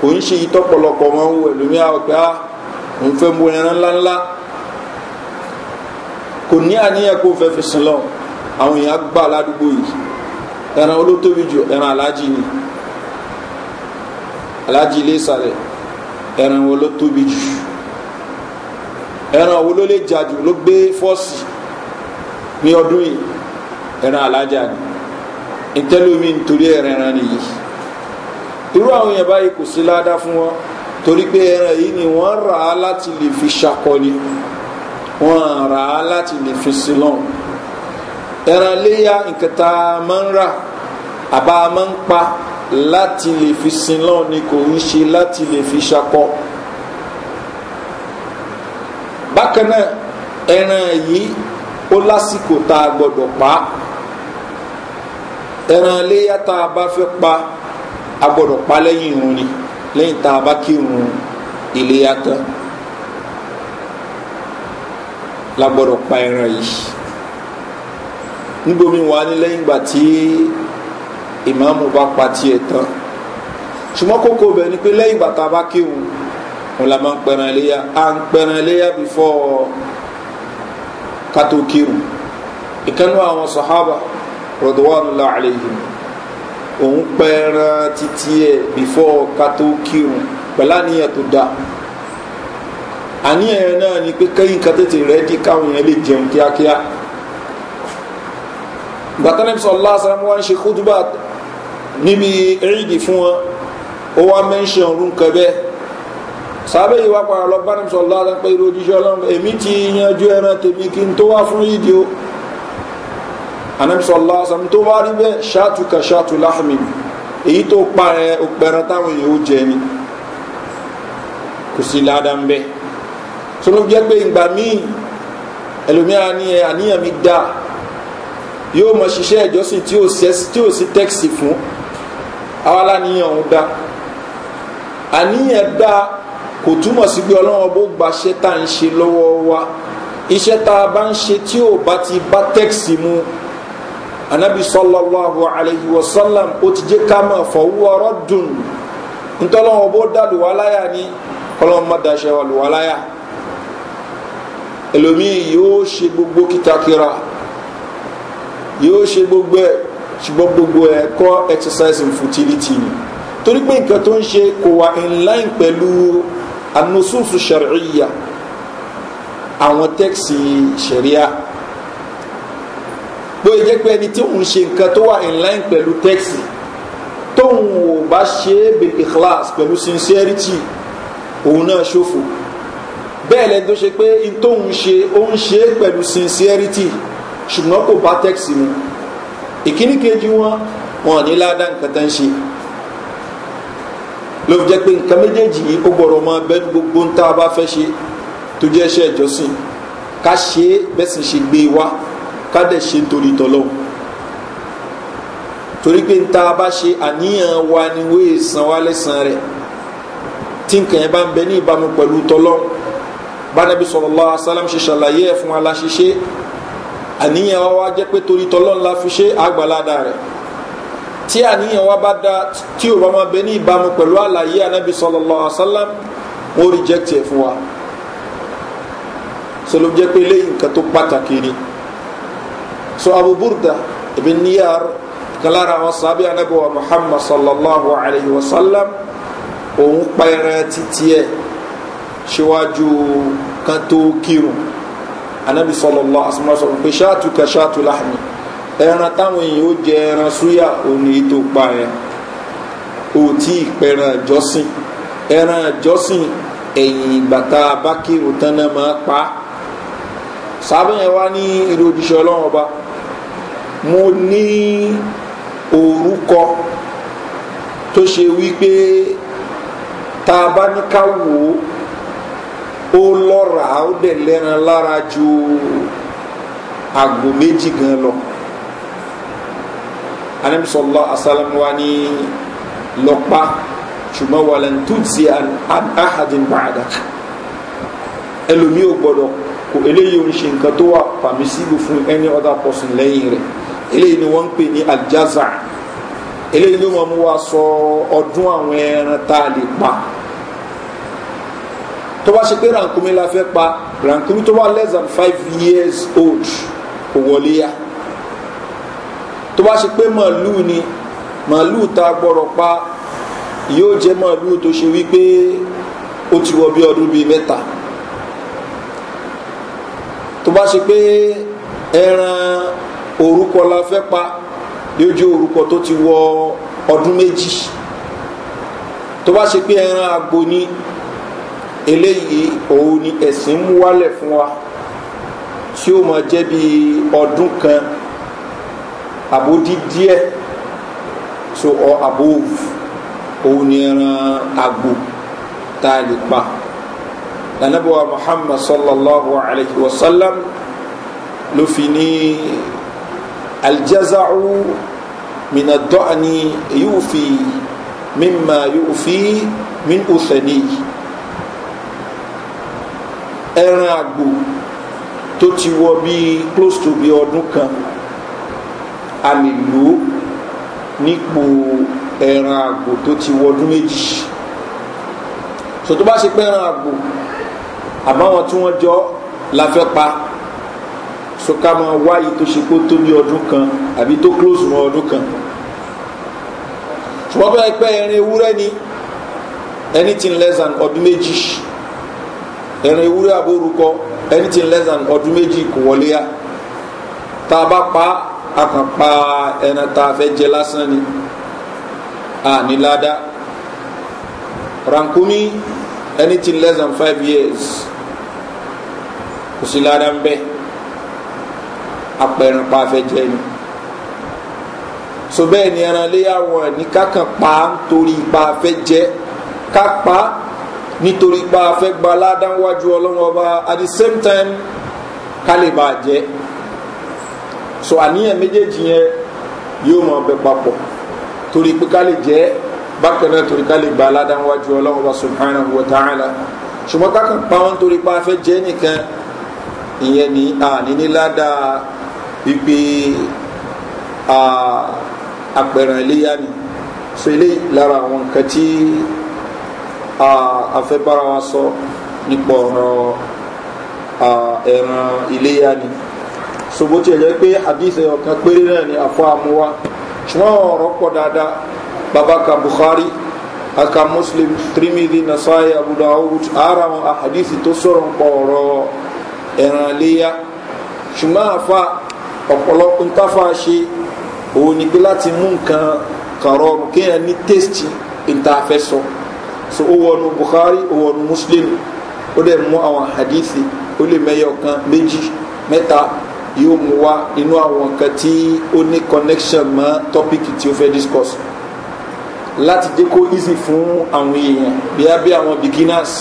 kò ń ṣe ìtọ́pọ̀lọpọ̀ máa ń wo ẹlòmíà ọ̀pẹ́ á òun ah, fẹ́ mú ẹran ńláńlá kò ní àníyàn kó fẹ́ fi sùn lọ àwọn èèyàn gbà ládùúgbò yìí ẹran olótóbi jù ẹran aláàjì ni aláàjì ilé ìsàlẹ̀ ẹran olótóbi jù ẹran wo jà jù ló gbé fọ́ọ̀sì ní ọdún yìí ẹran alájà ni ntẹ́lómi nítorí ẹran nìyí irú àwọn èèyàn báyìí kò sí ládá fún wọn torí pé ẹran yìí ni wọ́n rà á láti lè fi ṣàkọlé wọ́n rà á láti lè fi sílọ̀n ẹran léyà nǹkan tá àbá a láti lè fi sílọ̀n ni kò ń ṣe láti lè fi ṣakọ bákan náà ẹran yìí ó lásìkò tá a gbọ́dọ̀ pa á ẹran iléyà tá a bá fẹ́ pa a gbọ́dọ̀ pa lẹ́yìn irun ni lẹ́yìn tá a bá kírun iléyà tán la gbọ́dọ̀ pa ẹran yìí nígbòmí wa ní lẹ́yìn ìgbà tí ìmáàmù bá pa tiẹ̀ tán ṣùgbọ́n kókó bẹ̀ ni pé lẹ́yìn ìgbà tá a bá kírun òun la máa ń pẹran iléyà à ń pẹran iléyà bífọ́ ọ kátó kírun ìkànnú àwọn sahaba rọdùwánulá àlehìn òun pẹran títí ẹ bífọ kátó kírun pẹlá níyàn tó dáa àníyàn náà ni pé kẹyìn kan tètè rẹdí káwọn yẹn lè jẹun kíákíá gbàtánà bisọ allah sàrámù wa ń ṣe kúdùbà níbi èrìdì fún wọn ó wá mẹ́ńṣẹ̀ ọ̀run kẹbẹ́ẹ́ sábẹ́ yìí wá padà lọ bá nímsọ̀ lọ́dá pé irú ojúṣe ọlọ́run èmi ti yanjú ẹran tèmi kí n tó wá fún ìdí o anamsọ̀ lọ́sàn tó wá rí bẹ́ẹ̀ ṣáàtú ka ṣáàtú láhàmì èyí tó pa ẹ òpẹran táwọn èèyàn ó jẹ ni kò sí ládàá ń bẹ́ tó ló jẹ́ pé ìgbà míì ẹlòmíà ni ẹ àníyàn mi dá yóò mọ ṣiṣẹ́ ìjọsìn tí ò sí tẹ́kìsì fún àwọn aláníyàn ń dá àníyàn dáa kò túmọ̀ sí pé ọlọ́wọ́n bó gbaṣẹ́ tá à ń ṣe lọ́wọ́ wa iṣẹ́ tá a bá ń ṣe tí ò bá ti bá tẹ́ksì mu anabi sallallahu alayhi wa sallam ó ti jẹ́ ká máa fọwọ́ ọ̀rọ̀ dùn ntọ́lọ́wọ́n bó dá lùwàláyà ni ọlọ́wọ́n má daṣẹ́ wa lùwàláyà ẹlòmíì yóò ṣe gbogbo kìtàkìrà yóò ṣe gbogbo ẹ ṣùgbọ́n gbogbo ẹ kọ́ exercise in futility ni torí pé nǹkan tó ń ṣe kò wà in line pẹ̀lú anusuusu sharciya àwọn tẹ́ksì sẹ̀ríà bóyá jẹ́ pé ẹni tí òun ṣe nǹkan tó wà in line pẹ̀lú tẹ́ksì tóun ò bá ṣe é bil ikhlas pẹ̀lú sincerity òun náà ṣòfò bẹ́ẹ̀ lẹ́ni tó ṣe pé in tóun ṣe ó ṣe é pẹ̀lú sincerity ṣùgbọ́n kò bá tẹ́ksì mu ìkíní kejì wọn wọn ní ládàá nǹkan tán ṣe ló fi jẹ́ pé nǹkan méjèèjì yìí ó gbọ́dọ̀ mọ bẹ́ẹ̀ gbogbo ń tá a bá fẹ́ ṣe tó jẹ́ iṣẹ́ ìjọsìn ká ṣe é bẹ́sìn ṣe gbé e wá ká dẹ̀ ṣe nítorí tọ́lọ́hùn torí pé ń tá a bá ṣe àníyàn wa ni wéè e san wá lẹ́sàn-án rẹ̀ tí nǹkan yẹn bá ń bẹ ní ìbámu pẹ̀lú tọ́lọ́hùn bánabi sọlọlọ asálàm ṣe ṣàlàyé ẹ̀ fún aláṣiṣẹ́ àníyàn wa wá jẹ́ pé torí tọ́lọ́hùn la tí àníyàn wa bá da tí ò bá máa bẹ ní ìbámu pẹ̀lú àlàyé anábì sallallahu alaihi wasallam wọ́n reject ẹ̀ fún wa sọlọ jẹ́ pé eléyìí nǹkan tó pàtàkì ni so Abu Burda ibn Niyar kalára àwọn sábẹ́ anábì wa Muhammad sallallahu alaihi wasallam òun pẹ́ẹ́rẹ́ títí ẹ̀ ṣíwájú kan tó kírun anábì sallallahu alaihi wasallam pé ṣáàtú ka ṣáàtú láhàmì ẹran táwọn èèyàn ó jẹ ẹran súyà òní ètò pa yẹn ò tí ì pẹran ìjọsìn ẹran ìjọsìn ẹ̀yìn ìgbà tá a bá kírun máa pa á yẹn wá ní irú òjíṣẹ́ ọlọ́run ọba mo ní orúkọ tó ṣe wípé tá a bá ní ká wò ó ó lọ́ra ó dẹ̀ lẹ́ran lára ju àgbò méjì gan lọ anabi sọlọ asalam wa ni lọpa ṣùgbọ́n wàlẹ̀ ntúnṣe ahadin bàdà ẹlòmíì ò gbọdọ̀ kò eléyìí ò ń ṣe nǹkan tó wà pàmísìlù fún any other person lẹ́yìn rẹ̀ eléyìí ni wọ́n ń pè ní aljaza eléyìí ló máa mú wa sọ ọdún àwọn ẹran tá pa tó pé rankumi la fẹ́ pa rankumi tó less than five years old kò tó bá ṣe pé màálù ni màálù ta gbọ́rọ̀ pa yóò jẹ́ màálù tó ṣe wípé ó ti wọ bí ọdún bíi mẹ́ta tó bá ṣe pé ẹran orúkọ la fẹ́ pa yóò jẹ́ orúkọ tó ti wọ ọdún méjì tó bá ṣe pé ẹran agbo ni eléyìí òun ni ẹ̀sìn mú wálẹ̀ fún wa tí ó mọ jẹ́ bí ọdún kan àbó dídíẹ̀ so or above òun ni ẹran àgbò tá a lè pa lànàbọ̀wá muhammad sallallahu alayhi wa sallam ló fi ní aljaza'u mina dọ́ni yóò fi mímà min òsèlè ẹran àgbò tó ti wọ bí close to bí ọdún kan àmì lò ó nípò ẹran àgbò tó ti wọdún méjì so tó bá ṣe pé ẹran àgbò àbáwọn tí wọ́n jọ la fẹ́ pa so ká máa wáyé tó ṣe pé tó ọdún kan àbí tó close mọ́ ọdún kan ṣùgbọ́n tó yẹ pé ẹran ewúrẹ́ ni anything less than ọdún méjì ẹran ewúrẹ́ àbórúkọ anything less than ọdún méjì kò wọlé yá tá a bá pa á a kàn pa ẹran tá a fẹ́ ni a ní ládàá rankumi anything less than five years kò sí ládàá ń bẹ́ẹ̀ apẹ̀rìn pa fẹ́ ni so bẹ́ẹ̀ ni ẹran léyà wọn ní kákan pa nítorí ipa fẹ́ jẹ ká pa nítorí ipa fẹ́ gba ládàáwájú ọlọ́wọ́ ọba at the same time ká lè so àníyàn méjèèjì yẹn yóò mọ ọbẹ̀ papọ̀ torí pé ká lè jẹ́ bákan náà torí ká lè gba aládàáwájú ọlọ́run wa subhanahu wa ta'ala ṣùgbọ́n kákan pa wọn torí pé a fẹ́ jẹ́ nìkan ìyẹn ní àníníládà wípé àpẹ̀rẹ̀ iléyà ni so eléyìí lára àwọn nǹkan tí afẹ́bára wa sọ nípa ọ̀rọ̀ ẹran iléyà ni ṣòbó tí ẹ jẹ́ pé àdìsẹ̀ ọ̀kan péré náà ni àfọ àmúwá ṣùgbọ́n ọ̀rọ̀ pọ̀ dáadáa bàbá ka buhari aka muslim trimidi nasaayi abudulayi ara wọn àdìsẹ̀ tó sọ̀rọ̀ pọ̀ ọ̀rọ̀ ẹ̀ràn léyà ṣùgbọ́n àfa ọ̀pọ̀lọpọ̀ ntáfà ṣe òun ni pé láti mú nǹkan kàrọ̀ kéèyàn ní tẹ́sítì ìtafẹ́sọ so ó wọnú buhari ó wọnú muslim ó dẹ̀ mú àwọn àdìsẹ̀ ó lè mẹ́yọ̀ kan méjì mẹ́ta yóò mú wá inú àwọn nǹkan tí ó ní connection mọ́ topic tí ó fẹ́ discuss láti jẹ́ kó easy fún àwọn èèyàn bíyà bí àwọn beginners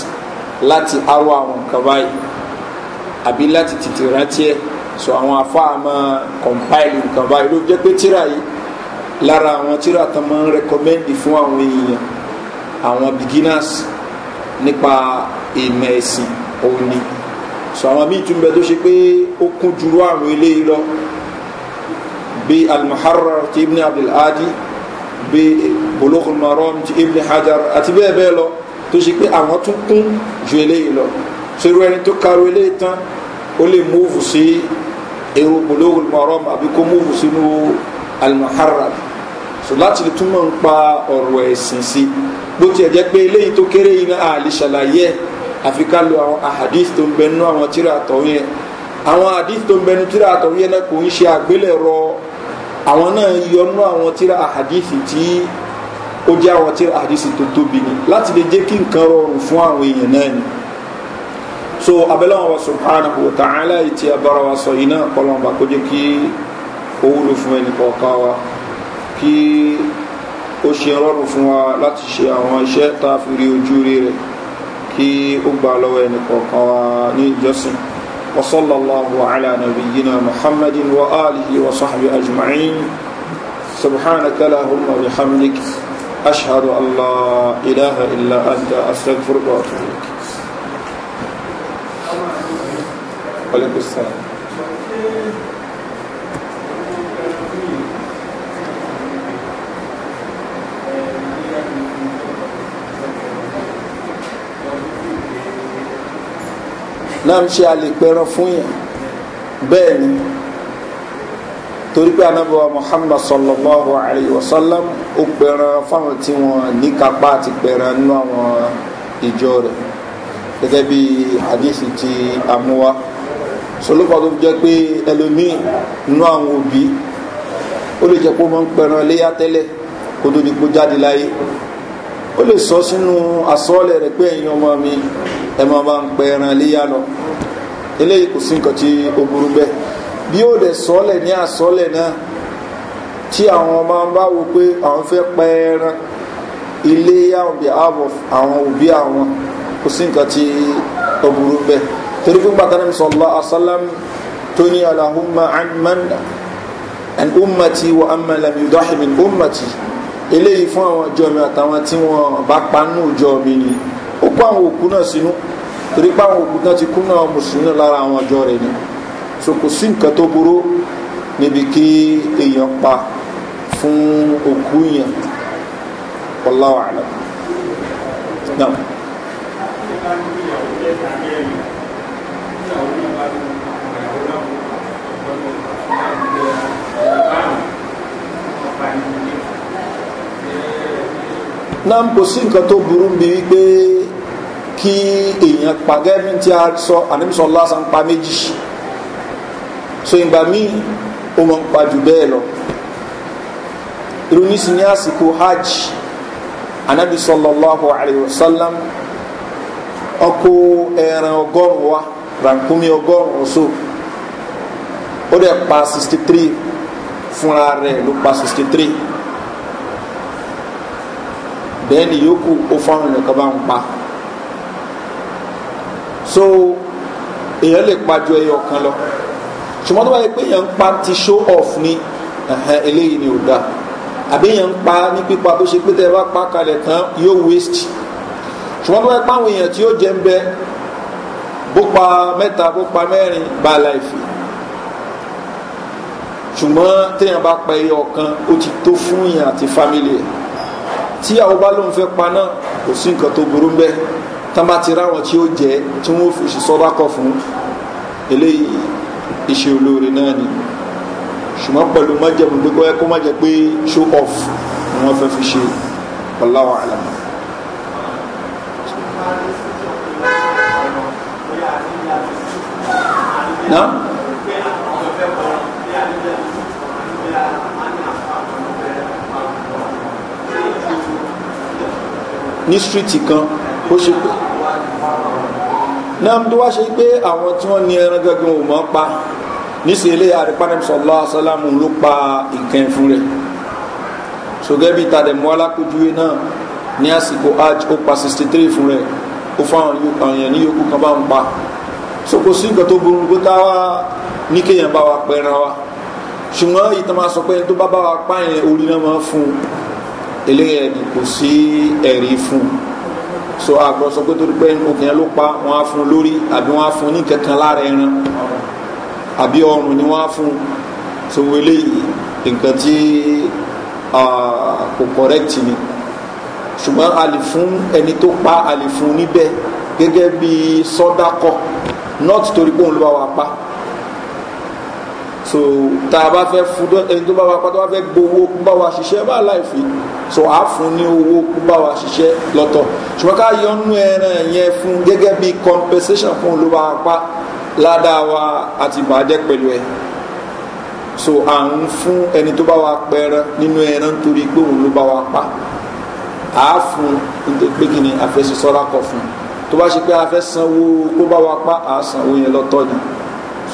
láti arọ àwọn nǹkan báyìí àbí láti tètè rántí ẹ̀ so àwọn afáà máa compile nǹkan báyìí ló jẹ́ pé tíra yìí lára àwọn tíra tán máa ń recommend fún àwọn èèyàn àwọn beginners nípa ìmọ̀ ẹ̀sìn òun sọ àwọn míì tún bẹ tó ṣe pé ó kún jùlọ àrùn ilé lọ bí almuharrar ti ibn abdulhadi bí bologun marom ti ibn hajar àti bẹ́ẹ̀ bẹ́ẹ̀ lọ tó ṣe pé àwọn tún kún ju ilé lọ sọrọ ẹni tó karo ilé tán ó lè múùfù sí èrò bologun marom àbí kó múùfù sínú almuharrar so láti lè túmọ̀ ń pa ọ̀rọ̀ ẹ̀sìn sí bó tiẹ̀ jẹ́ pé eléyìí tó kéré yìí náà àlè ṣàlàyé ẹ̀ àfi ká lo àwọn ahadith tó ń bẹnu àwọn tíra àtọ̀hún yẹn àwọn ahadith tó ń bẹnu tíra àtọ̀hún yẹn náà kò ń ṣe àgbélẹ̀rọ àwọn náà yọnú àwọn tíra ahadith tí ó jẹ́ àwọn tíra ahadith tó tóbi ni láti lè jẹ́ kí nǹkan rọrùn fún àwọn èèyàn náà ni so abẹ́lẹ́wọ̀n wa subhanahu wa ta'ala ìtì abara wa sọ iná kọlọ́mbà kó jẹ́ kí ó wúlò fún ẹnì kọ̀ọ̀kan wa kí ó ṣe rọrùn fún wa láti ṣe àwọn iṣẹ́ tá a fi rí ojú rí rẹ̀ kí ó gba lọ́wọ́ ẹni kọ̀ọ̀kan wa ní ìjọsìn وصلى الله على نبينا محمد وآله وصحبه أجمعين سبحانك اللهم وبحمدك أشهد أن لا إله إلا أنت أستغفرك وأتوب إليك وعليكم السلام náà ṣe a lè pẹran fún yàn bẹ́ẹ̀ ni torí pé anábọ̀wá muhammad sallallahu alayhi wa sallam ó pẹran fáwọn tí wọn ní kápá àti pẹran nínú àwọn ìjọ rẹ̀ gẹ́gẹ́ bí hadith ti amúwá sọlọ́pàá tó jẹ́ pé ẹlòmíì nínú àwọn òbí ó lè jẹ́ pé ó máa ń pẹran léyà tẹ́lẹ̀ kó tó di pé jáde láyé ó lè sọ sínú àsọ́ọ̀lẹ̀ rẹ̀ pé ẹ̀yin ọmọ mi ẹ máa bá ń pẹ ẹran léyà lọ eléyìí kò sí nǹkan tí ó burú bẹ́ẹ̀ bí ó dẹ̀ sọ́ọ̀lẹ̀ ní àsọ́ọ̀lẹ̀ náà tí àwọn ọmọ bá wo pé àwọn fẹ́ pẹ ẹran iléyà on behalf of àwọn òbí àwọn kò sí nǹkan tí ó burú bẹ́ẹ̀ torí fún bàtàrà mi sọ̀lá tó ní alahumma an man ummati wa amma lam yudahi min eléyìí fún àwọn ọjọ́ mi àtàwọn tí wọ́n bá pa nínú ọjọ́ mi ni ó kó àwọn òkú náà sínú torí pé àwọn òkú náà ti kú náà mùsùlùmí náà lára àwọn ọjọ́ rẹ̀ ni so kò sí nǹkan tó burú níbi kí èèyàn pa fún òkú yẹn wallahu náà. náà kò sí nǹkan tó burú bí wípé kí èèyàn pàgẹ́ bí tí a sọ ànímsọ lásán pa méjì so ìgbà míì ó mọ̀ ń pa jù bẹ́ẹ̀ lọ irú nísìn ní àsìkò hajj anabi sallallahu alayhi wa sallam ọkọ ẹran ọgọrùn wa rankumi ọgọrùn so ó dẹ̀ pa sixty fúnra rẹ̀ ló pa sixty bẹ́ẹ̀ni yòókù ó fáwọn èèyàn kan bá ń pa so èèyàn lè pa ju ẹyọ kan lọ ṣùgbọ́n tó bá yẹ pé èèyàn ń pa ti show off ni eléyìí ni ò da àbí èèyàn ń pa ní pípa tó ṣe pé tẹ́ ẹ bá pa kalẹ̀ kan yóò waste ṣùgbọ́n tó bá yẹ pé àwọn èèyàn tí yóò jẹ ń bẹ bó pa mẹ́ta bó pa mẹ́rin bá láìfi ṣùgbọ́n téèyàn bá pa ẹyọ kan ó ti tó fún èèyàn àti fámìlì ẹ̀ tí àwọn bá lóun fẹ́ pa náà kò sí nǹkan tó burú bẹ́ẹ̀ tán bá ti ráwọn tí ó jẹ tí wọ́n fi sọ́dá kọ̀ fún eléyìí iṣẹ́ olóore náà ni ṣùgbọ́n pẹ̀lú májẹ̀mú pé kọ́ ẹkọ́ májẹ̀ pé show off ni wọ́n fẹ́ fi ṣe ọláwọ̀ àlàmà. náà. ní street kan ó ṣe pé náà tó wá ṣe pé àwọn tí wọ́n ní ẹran gẹ́gẹ́ ò mọ́ pa níṣẹ́ ilé àrípánẹ́mù sọ̀lá sálámù ló pa ìkẹyìn fún rẹ̀ sọgẹ́bí tàdẹ̀mú alákòjúwe náà ní àsìkò hajj ó pa sixty three fún rẹ̀ ó fáwọn èèyàn ní yòókù kan bá ń pa so sí nǹkan tó burú pé ká wá ní kéèyàn bá wa pẹran wa ṣùgbọ́n ìtàn máa sọ pé tó bá bá wa pa yẹn orí náà máa fún un eléyẹ ni kò sí ẹ̀rí fún so àgbọ̀ sọ pé torí pé okùn yẹn ló pa wọn á fún lórí àbí wọn á fún ní kankan lára ẹran àbí ọrùn ni wọn á fún so eléyìí nǹkan tí kò correct ni ṣùgbọ́n a lè fún ẹni tó pa a lè fún níbẹ̀ gẹ́gẹ́ bí sọ́dákọ̀ not torí pé òun ló bá wa pa so tá a bá fẹ́ fún ẹni tó bá wa pátá wá fẹ́ gbowó bá wa ṣiṣẹ́ bá láìfi so a fún ní owó bá wa ṣiṣẹ́ lọ́tọ̀ ṣùgbọ́n ká yọnu ẹran yẹn fún gẹ́gẹ́ bí compensation fún olówó apá ládàá wa àti ìbàjẹ́ pẹ̀lú ẹ̀ so à ń fún ẹni tó bá wa pẹran nínú ẹran torí pé òun ló bá wa pa à á fún nítorí pé kí ni àfẹsọsọ́ra kọ fún tó bá ṣe pé a fẹ́ sanwó kó bá wa pa à yẹn lọ́tọ̀ ni.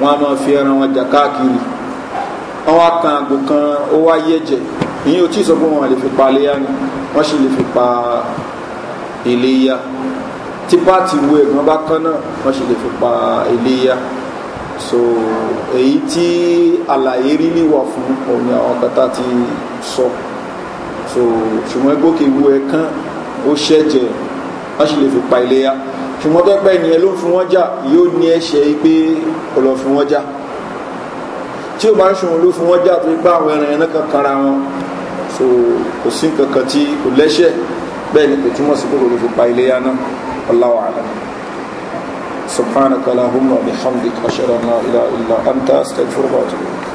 wọn a máa fi ẹran wọn jà káàkiri wọn wá kan àgbò kan ó wá yẹ̀jẹ̀ ìyẹn ò tí ì sọ pé wọn lè fi pa iléyà ni wọn sì lè fi pa iléyà tí pààtì wo ẹ̀gbọ́n bá kán náà wọn sì lè fi pa iléyà so èyí tí àlàyé rí lè wà fún òun àwọn kata ti sọ so ṣùgbọ́n gòkè wo ẹ̀ kán ó ṣẹ̀jẹ̀ wọn sì lè fi pa iléyà. So, ṣùgbọ́n tó pẹ́ ni ẹ ló ń fún wọn jà yóò ní ẹ̀ṣẹ̀ pé kò lọ fún wọn jà tí ó bá ń ṣòwò ló fún wọn jà tó pé àwọn ẹran ẹran kan kanra wọn so kò sí nǹkan kan tí kò lẹ́ṣẹ̀ bẹ́ẹ̀ ni kò túmọ̀ sí kòkòrò fi pa iléyà náà wallahu a'lam subhanaka allahumma bihamdika ashhadu an la ilaha anta astaghfiruka wa